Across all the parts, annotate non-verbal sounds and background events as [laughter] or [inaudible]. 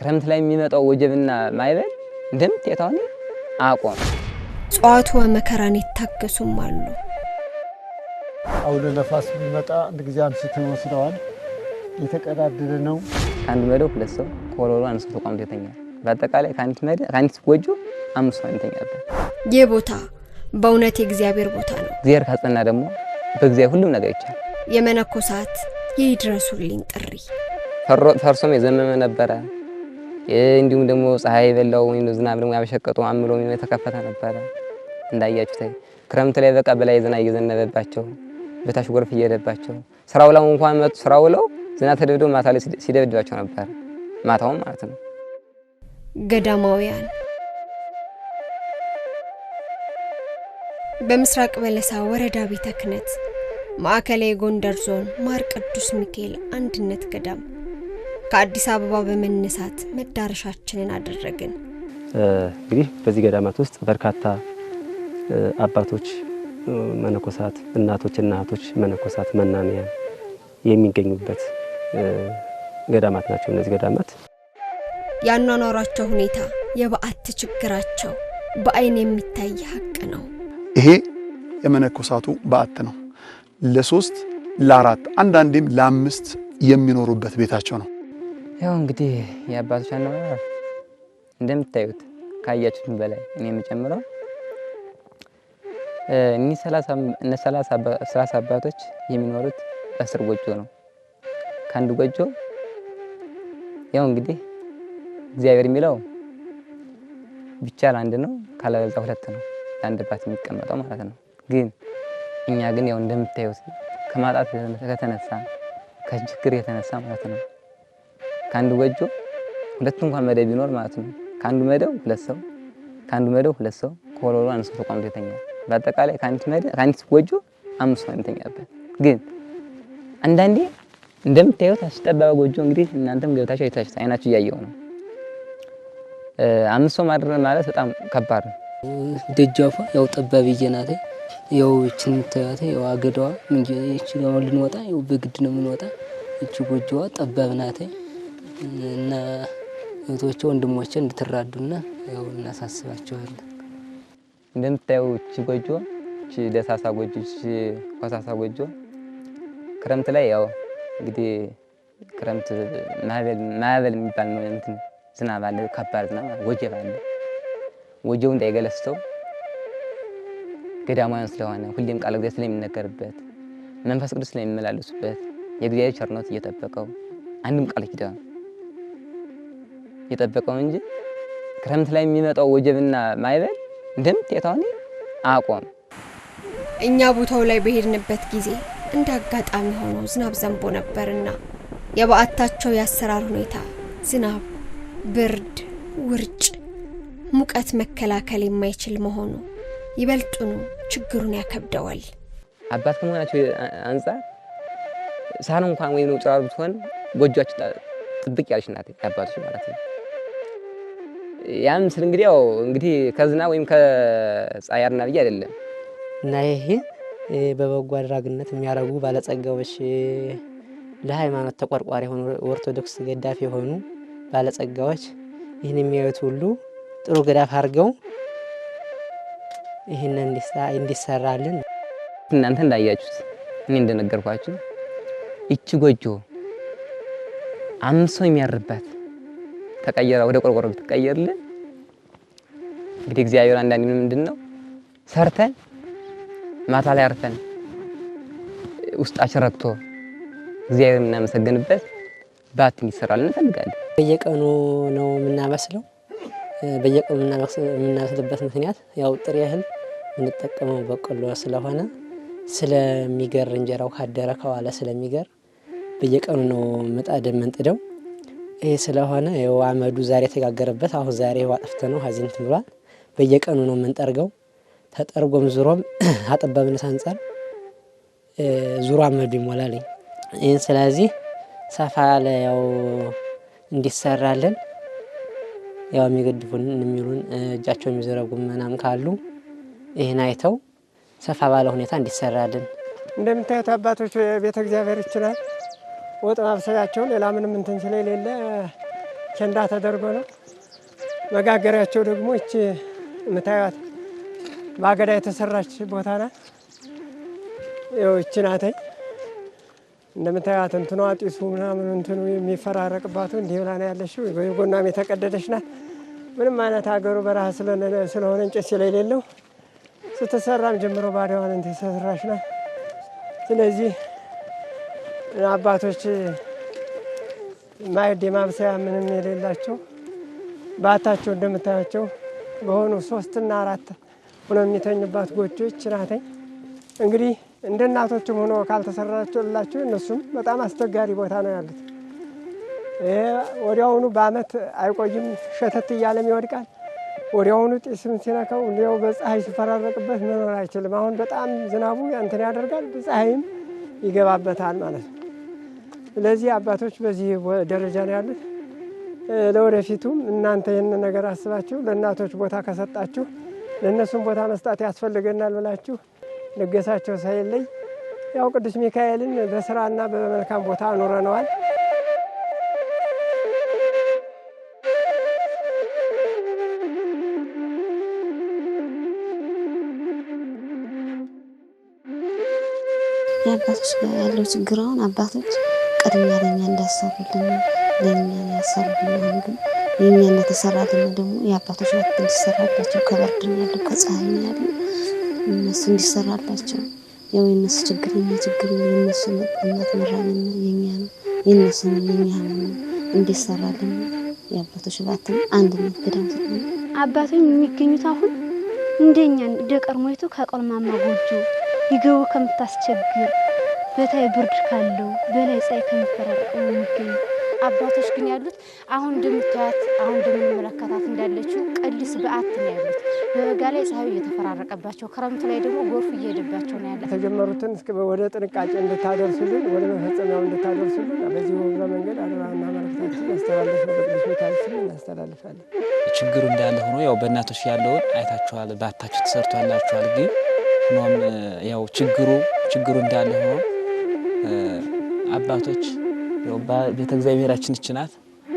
ክረምት ላይ የሚመጣው ወጀብና ማይበል እንደምት የታሆነ አቆም ጸዋቱ መከራን የታገሱም አሉ። አውሎ ነፋስ የሚመጣ አንድ ጊዜ አንስቶ ይወስደዋል። የተቀዳደደ ነው። ከአንድ መደብ ሁለት ሰው ከወለሉ አንስቶ ቋምቶ ይተኛል። በአጠቃላይ ከአንዲት ጎጆ አምስት ሰው ይተኛበት። ይህ ቦታ በእውነት የእግዚአብሔር ቦታ ነው። እግዚአብሔር ካጸና ደግሞ በእግዚአብሔር ሁሉም ነገር ይቻላል። የመነኮሳት የይድረሱልኝ ጥሪ ፈርሶም የዘመመ ነበረ። እንዲሁም ደግሞ ፀሐይ የበላው ወይም ዝናብ ደግሞ ያበሸቀጡ አምሎ የተከፈተ ነበረ። እንዳያችሁት ክረምት ላይ በቃ በላይ ዝናብ እየዘነበባቸው በታች ጎርፍ እየሄደባቸው ስራው ላይ እንኳን መጡ። ስራ ውለው ዝናብ ተደብደው ማታ ላይ ሲደብድባቸው ነበር። ማታውም ማለት ነው። ገዳማውያን በምስራቅ በለሳ ወረዳ ቤተ ክህነት ማዕከላዊ ጎንደር ዞን ማር ቅዱስ ሚካኤል አንድነት ገዳም ከአዲስ አበባ በመነሳት መዳረሻችንን አደረግን። እንግዲህ በዚህ ገዳማት ውስጥ በርካታ አባቶች፣ መነኮሳት፣ እናቶች እና እህቶች መነኮሳት፣ መናንያን የሚገኙበት ገዳማት ናቸው። እነዚህ ገዳማት ያኗኗሯቸው ሁኔታ፣ የበዓት ችግራቸው በአይን የሚታይ ሀቅ ነው። ይሄ የመነኮሳቱ በዓት ነው። ለሶስት ለአራት አንዳንዴም ለአምስት የሚኖሩበት ቤታቸው ነው። ያው እንግዲህ የአባቶች አነባበር እንደምታዩት ካያችሁትም በላይ እኔ የምጨምረው እነ ሰላሳ አባቶች የሚኖሩት በስር ጎጆ ነው። ከአንድ ጎጆ ያው እንግዲህ እግዚአብሔር የሚለው ብቻ ለአንድ ነው፣ ካለበዛ ሁለት ነው ለአንድ አባት የሚቀመጠው ማለት ነው። ግን እኛ ግን ያው እንደምታዩት ከማጣት ከተነሳ ከችግር የተነሳ ማለት ነው ከአንድ ጎጆ ሁለቱ እንኳን መደብ ቢኖር ማለት ነው። ከአንዱ መደብ ሁለት ሰው፣ ከአንዱ መደብ ሁለት ሰው ከወለሉ አንድ ሰው ተቋምቶ ይተኛል። በአጠቃላይ ከአንዲት ጎጆ አምስት ሰው የሚተኛበት። ግን አንዳንዴ እንደምታዩት አስጠባበ ጎጆ እንግዲህ እናንተም ገብታችሁ አይታችሁ አይናችሁ እያየው ነው። አምስት ሰው ማድረግ ማለት በጣም ከባድ ነው። ደጃፏ ያው ጠባብ እየናተ ያው እችን የምታዩት ያው አገዳዋ ምን ልንወጣ ያው በግድ ነው የምንወጣ። እቺ ጎጆዋ ጠባብ ናተኝ እና እህቶቼ ወንድሞቼ እንድትራዱና ያው እናሳስባቸዋለን። እንደምታየው እቺ ጎጆ እቺ ደሳሳ ጎጆ እቺ ኮሳሳ ጎጆ ክረምት ላይ ያው እንግዲህ ክረምት ማዕበል ማዕበል የሚባል ነው እንትን ዝናብ አለ፣ ከባድ ዝናብ ወጀብ አለ። ወጀቡ እንዳይገለስተው ገዳማውያን ስለሆነ ሁሌም ቃለ እግዚአብሔር ስለሚነገርበት መንፈስ ቅዱስ ስለሚመላለሱበት የእግዚአብሔር ቸርነት እየጠበቀው አንድም ቃል ኪዳን የጠበቀው እንጂ ክረምት ላይ የሚመጣው ወጀብና ማይበል እንደምትታውን አቆም። እኛ ቦታው ላይ በሄድንበት ጊዜ እንደ አጋጣሚ ሆኖ ዝናብ ዘንቦ ነበርና የበዓታቸው የአሰራር ሁኔታ ዝናብ፣ ብርድ፣ ውርጭ፣ ሙቀት መከላከል የማይችል መሆኑ ይበልጡኑ ችግሩን ያከብደዋል። አባት ከመሆናቸው አንጻር ሳህን እንኳን ወይም ነው ብትሆን ጎጇችሁ ጥብቅ ያለች ናት፣ አባቶች ማለት ነው። ያ ምስል እንግዲህ ያው እንግዲህ ከዝናብ ወይም ከፀሐይ አድና ብዬ አይደለም እና ይሄ በበጎ አድራጊነት የሚያደርጉ ባለጸጋዎች ለሃይማኖት ተቆርቋሪ የሆኑ ኦርቶዶክስ ገዳፍ የሆኑ ባለጸጋዎች ይህን የሚያዩት ሁሉ ጥሩ ገዳፍ አድርገው ይህንን እንዲሰራልን እናንተ እንዳያችሁት እኔ እንደነገርኳችሁ ይቺ ጎጆ አምሶ የሚያርባት ተቀየረ ወደ ቆርቆሮ ብትቀየርልን እንግዲህ እግዚአብሔር አንዳንድ ምንድን ነው ሰርተን ማታ ላይ አርፈን ውስጣችን ረክቶ እግዚአብሔር የምናመሰግንበት ባት እንዲሰራል እንፈልጋለን። በየቀኑ ነው የምናበስለው። በየቀኑ የምናበስልበት ምክንያት ያው ጥሬ እህል የምንጠቀመው በቆሎ ስለሆነ ስለሚገር እንጀራው ካደረ ከዋለ ስለሚገር በየቀኑ ነው ምጣድ የምንጥደው። ይህ ስለሆነ ይኸው አመዱ ዛሬ የተጋገረበት አሁን ዛሬ ይኸው ነው ሀዚንት ብሏል። በየቀኑ ነው የምንጠርገው። ተጠርጎም ዙሮም [clears throat] አጠባብነት አንጻር ዙሮ አመዱ ይሞላልኝ። ይህን ስለዚህ ሰፋ ያለ ያው እንዲሰራልን ያው የሚገድቡን የሚሉን እጃቸው የሚዘረጉ ምናምን ካሉ ይህን አይተው ሰፋ ባለ ሁኔታ እንዲሰራልን እንደምታዩት አባቶች ቤተ እግዚአብሔር ይችላል ወጥ ማብሰያቸው ሌላ ምንም እንትን ስለሌለ ቸንዳ ተደርጎ ነው። መጋገሪያቸው ደግሞ እቺ የምታዩት በአገዳ የተሰራች ቦታ ናት። እቺ ናተኝ እንደምታዩት እንትኑ አጢሱ ምናምን እንትኑ የሚፈራረቅባቱ እንዲህ ብላ ነው ያለችው። የጎኗም የተቀደደች ናት። ምንም አይነት ሀገሩ በረሃ ስለሆነ እንጨት ስለሌለው ስትሰራም ጀምሮ ባዲዋን እንትን የተሰራች ናት። ስለዚህ አባቶች ማዕድ የማብሰያ ምንም የሌላቸው ባታቸው እንደምታያቸው በሆኑ ሶስትና አራት ሆነው የሚተኙባት ጎጆች ናተኝ። እንግዲህ እንደ እናቶችም ሆኖ ካልተሰራላቸው እነሱም በጣም አስቸጋሪ ቦታ ነው ያሉት። ወዲያውኑ በአመት አይቆይም፣ ሸተት እያለም ይወድቃል። ወዲያውኑ ጢስም ሲነካው እንዲያው በፀሐይ ሲፈራረቅበት መኖር አይችልም። አሁን በጣም ዝናቡ እንትን ያደርጋል፣ ፀሐይም ይገባበታል ማለት ነው። ለዚህ አባቶች በዚህ ደረጃ ነው ያሉት። ለወደፊቱም እናንተ ይህን ነገር አስባችሁ ለእናቶች ቦታ ከሰጣችሁ ለእነሱም ቦታ መስጣት ያስፈልገናል ብላችሁ ልገሳቸው ሳይለይ ያው ቅዱስ ሚካኤልን በስራና በመልካም ቦታ አኑረነዋል። የአባቶች ጋር ያለው ችግር አሁን አባቶች ቅድሚያ ለእኛ እንዳሰሩልን ለእኛ ያሰሩልን ግን የእኛ እንደተሰራልን ደግሞ የአባቶች ናት እንዲሰራላቸው ከበርድን ያሉ ከፀሐይ ያሉ እነሱ እንዲሰራላቸው ያው የእነሱ ችግር የኛ ችግር ነው። የእነሱ እናት መራልን የኛ ነው። የእነሱ ነው የኛ ነው እንዲሰራልን የአባቶች ባትን አንድነት ገዳም ስለሆነ አባቶች የሚገኙት አሁን እንደኛ እንደ ቀርሞይቱ ከቆልማማ ጎጆ ይገቡ ከምታስቸግር በታይ ብርድ ካለው በላይ ፀሐይ ነው የሚገኝ አባቶች ግን ያሉት አሁን እንደምታያት አሁን እንደምንመለከታት እንዳለችው ቀሊስ በአት ነው ያሉት። በበጋ ላይ ፀሐዩ እየተፈራረቀባቸው፣ ክረምቱ ላይ ደግሞ ጎርፍ እየሄደባቸው ነው ያለ። የተጀመሩትን እስከ ወደ ጥንቃቄ እንድታደርሱልን ወደ መፈጸሚያው እንድታደርሱልን በዚህ በዚሁ በመንገድ አደራና መልእክታችን ያስተላለፍ በቅዱሶታችን እናስተላልፋለን። ችግሩ እንዳለ ሆኖ ያው በእናቶች ያለውን አይታችኋል፣ በዓታችሁ ተሰርቷላችኋል። ግን ሆኖም ያው ችግሩ ችግሩ እንዳለ ሆኖ አባቶች ቤተ እግዚአብሔራችን ይች ናት፣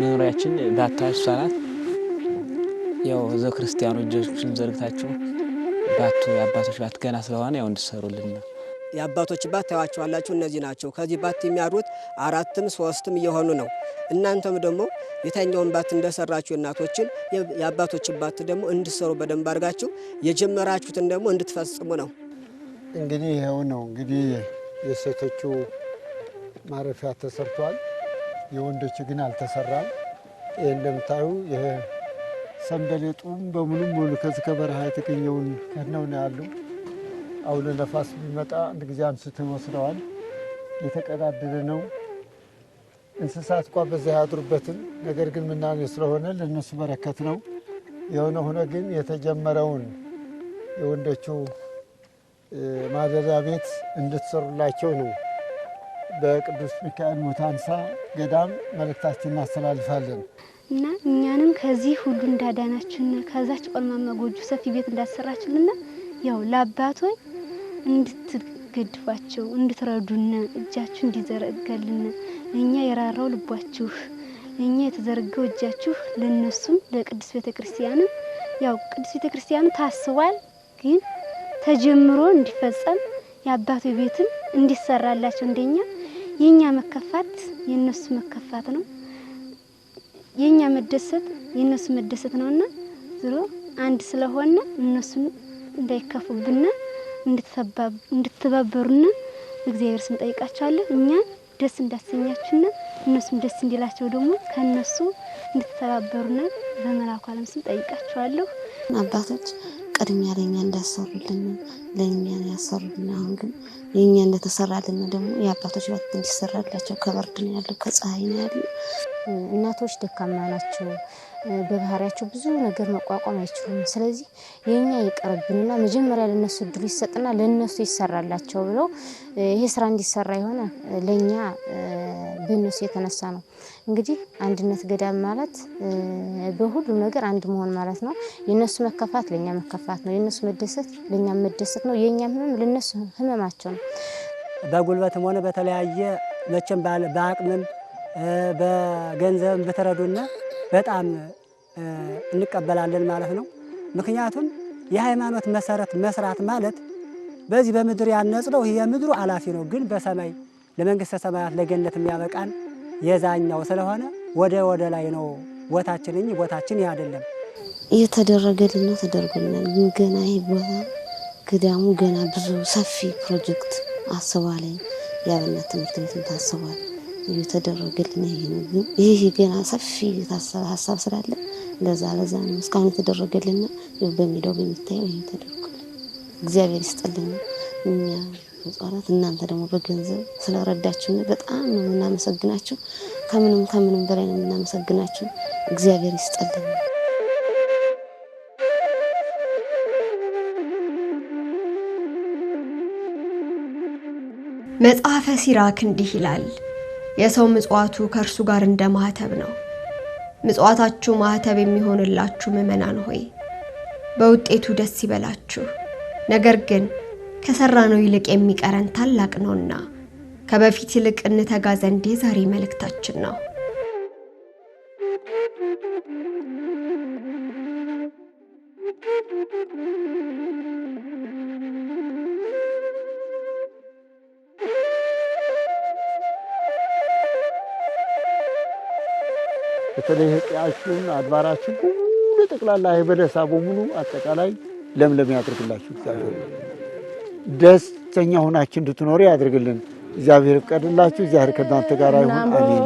መኖሪያችን ባቷች እሷ ናት። ያው ክርስቲያኑ እጆችን ዘርግታችሁ ባቱ የአባቶች ባት ገና ስለሆነ ያው እንድሰሩልን ነው። የአባቶች ባት ታያቸዋላችሁ። እነዚህ ናቸው። ከዚህ ባት የሚያድሩት አራትም ሶስትም እየሆኑ ነው። እናንተም ደግሞ የተኛውን ባት እንደሰራችሁ እናቶችን የአባቶች ባት ደግሞ እንድሰሩ በደንብ አድርጋችሁ የጀመራችሁትን ደግሞ እንድትፈጽሙ ነው። እንግዲህ ይኸው ነው እንግዲህ የሴቶቹ ማረፊያ ተሰርቷል። የወንዶች ግን አልተሰራም። ይህ እንደምታዩ ሰንበሌጡም በሙሉም ሙሉ ከዚህ ከበረሃ የተገኘውን ከነው ነው ያሉ። አውሎ ነፋስ ቢመጣ አንድ ጊዜ አንስቶ ይወስደዋል። የተቀዳደለ ነው። እንስሳት እኳ በዚህ አያድሩበትም። ነገር ግን ምናምን ስለሆነ ለእነሱ በረከት ነው። የሆነ ሆነ ግን የተጀመረውን የወንዶቹ ማደሪያ ቤት እንድትሰሩላቸው ነው በቅዱስ ሚካኤል ሙታንሳ ገዳም መልእክታችን እናስተላልፋለን እና እኛንም ከዚህ ሁሉ እንዳዳናችን ከዛች ቆልማማ ጎጆ ሰፊ ቤት እንዳሰራችልና ያው ለአባቶች እንድትገድፏቸው እንድትረዱን እጃችሁ እንዲዘረጋልን እኛ የራራው ልቧችሁ እኛ የተዘረጋው እጃችሁ ለእነሱም ለቅዱስ ቤተ ክርስቲያንም ያው ቅዱስ ቤተ ክርስቲያኑ ታስቧል፣ ግን ተጀምሮ እንዲፈጸም የአባቶ ቤትም እንዲሰራላቸው እንደኛ የኛ መከፋት የነሱ መከፋት ነው፣ የኛ መደሰት የነሱ መደሰት ነውና ዝሮ አንድ ስለሆነ እነሱን እንዳይከፉብና እንድትተባበሩና እግዚአብሔር ስም ጠይቃቸዋለሁ። እኛ ደስ እንዳሰኛችሁና እነሱም ደስ እንዲላቸው ደግሞ ከነሱ እንድትተባበሩና በመላኩ ዓለም ስም ጠይቃቸዋለሁ አባቶች ቅድሚያ ለእኛ እንዳሰሩልን ለእኛ ያሰሩልን። አሁን ግን የእኛ እንደተሰራልን ደግሞ የአባቶች ባት እንዲሰራላቸው ከበርድ ነው ያለው፣ ከፀሐይ ነው ያለው። እናቶች ደካማ ናቸው፣ በባህሪያቸው ብዙ ነገር መቋቋም አይችሉም። ስለዚህ የእኛ ይቀርብንና መጀመሪያ ለነሱ እድሉ ይሰጥና ለነሱ ይሰራላቸው ብለው ይሄ ስራ እንዲሰራ የሆነ ለእኛ በነሱ የተነሳ ነው እንግዲህ አንድነት ገዳም ማለት በሁሉም ነገር አንድ መሆን ማለት ነው። የእነሱ መከፋት ለኛ መከፋት ነው። የእነሱ መደሰት ለኛ መደሰት ነው። የኛ ህመም ለነሱ ህመማቸው ነው። በጉልበትም ሆነ በተለያየ መቼም በአቅምም በገንዘብም በተረዱና በጣም እንቀበላለን ማለት ነው። ምክንያቱም የሃይማኖት መሰረት መስራት ማለት በዚህ በምድር ያነጽነው ይህ የምድሩ አላፊ ነው፣ ግን በሰማይ ለመንግሥተ ሰማያት ለገነት የሚያበቃን የዛኛው ስለሆነ ወደ ወደ ላይ ነው ቦታችን እንጂ ቦታችን ይህ አይደለም። ነው ተደርጎልናል። ግን ገና ይህ ቦታ ገዳሙ ገና ብዙ ሰፊ ፕሮጀክት አስቧል። የአብነት ትምህርት ቤትም ታስቧል። እየተደረገልን ይህ ነው። ግን ይህ ገና ሰፊ ሀሳብ ስላለ ለዛ ለዛ ነው እስካሁን የተደረገልንና በሚለው በሚታየው ይህ ተደርጎልን እግዚአብሔር ይስጥልን እኛ ህጻናት እናንተ ደግሞ በገንዘብ ስለረዳችሁ በጣም ነው የምናመሰግናችሁ። ከምንም ከምንም በላይ ነው የምናመሰግናችሁ። እግዚአብሔር ይስጠልን። መጽሐፈ ሲራክ እንዲህ ይላል፣ የሰው ምጽዋቱ ከእርሱ ጋር እንደ ማህተብ ነው። ምጽዋታችሁ ማህተብ የሚሆንላችሁ ምዕመናን ሆይ በውጤቱ ደስ ይበላችሁ። ነገር ግን ከሰራነው ይልቅ የሚቀረን ታላቅ ነውና ከበፊት ይልቅ እንተጋ ዘንድ የዛሬ መልእክታችን ነው። በተለይ ህቅያችሁን አድባራችሁ ሁሉ ጠቅላላ የበለሳ በሙሉ አጠቃላይ ለምለም ያደርግላችሁ ። እግዚአብሔር ደስተኛ ሆናችሁ እንድትኖሩ ያድርግልን። እግዚአብሔር ይፍቀድላችሁ። እግዚአብሔር ከእናንተ ጋር ይሁን። አሜን።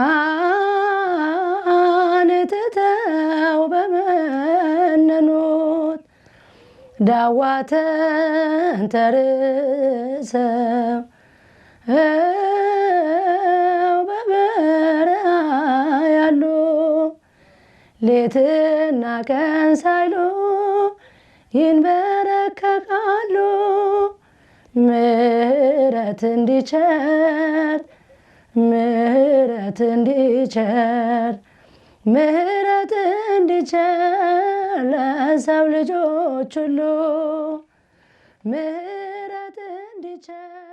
አንትተው በመነኖት ዳዋተን ተርሰው በበረሃ ያሉ ሌትና ቀን ሳይሉ ይንበረከካሉ ምሕረት እንዲቸር ምሕረት እንዲቸር ምሕረት እንዲቸር ለሰው ልጆች ሁሉ ምሕረት እንዲቸር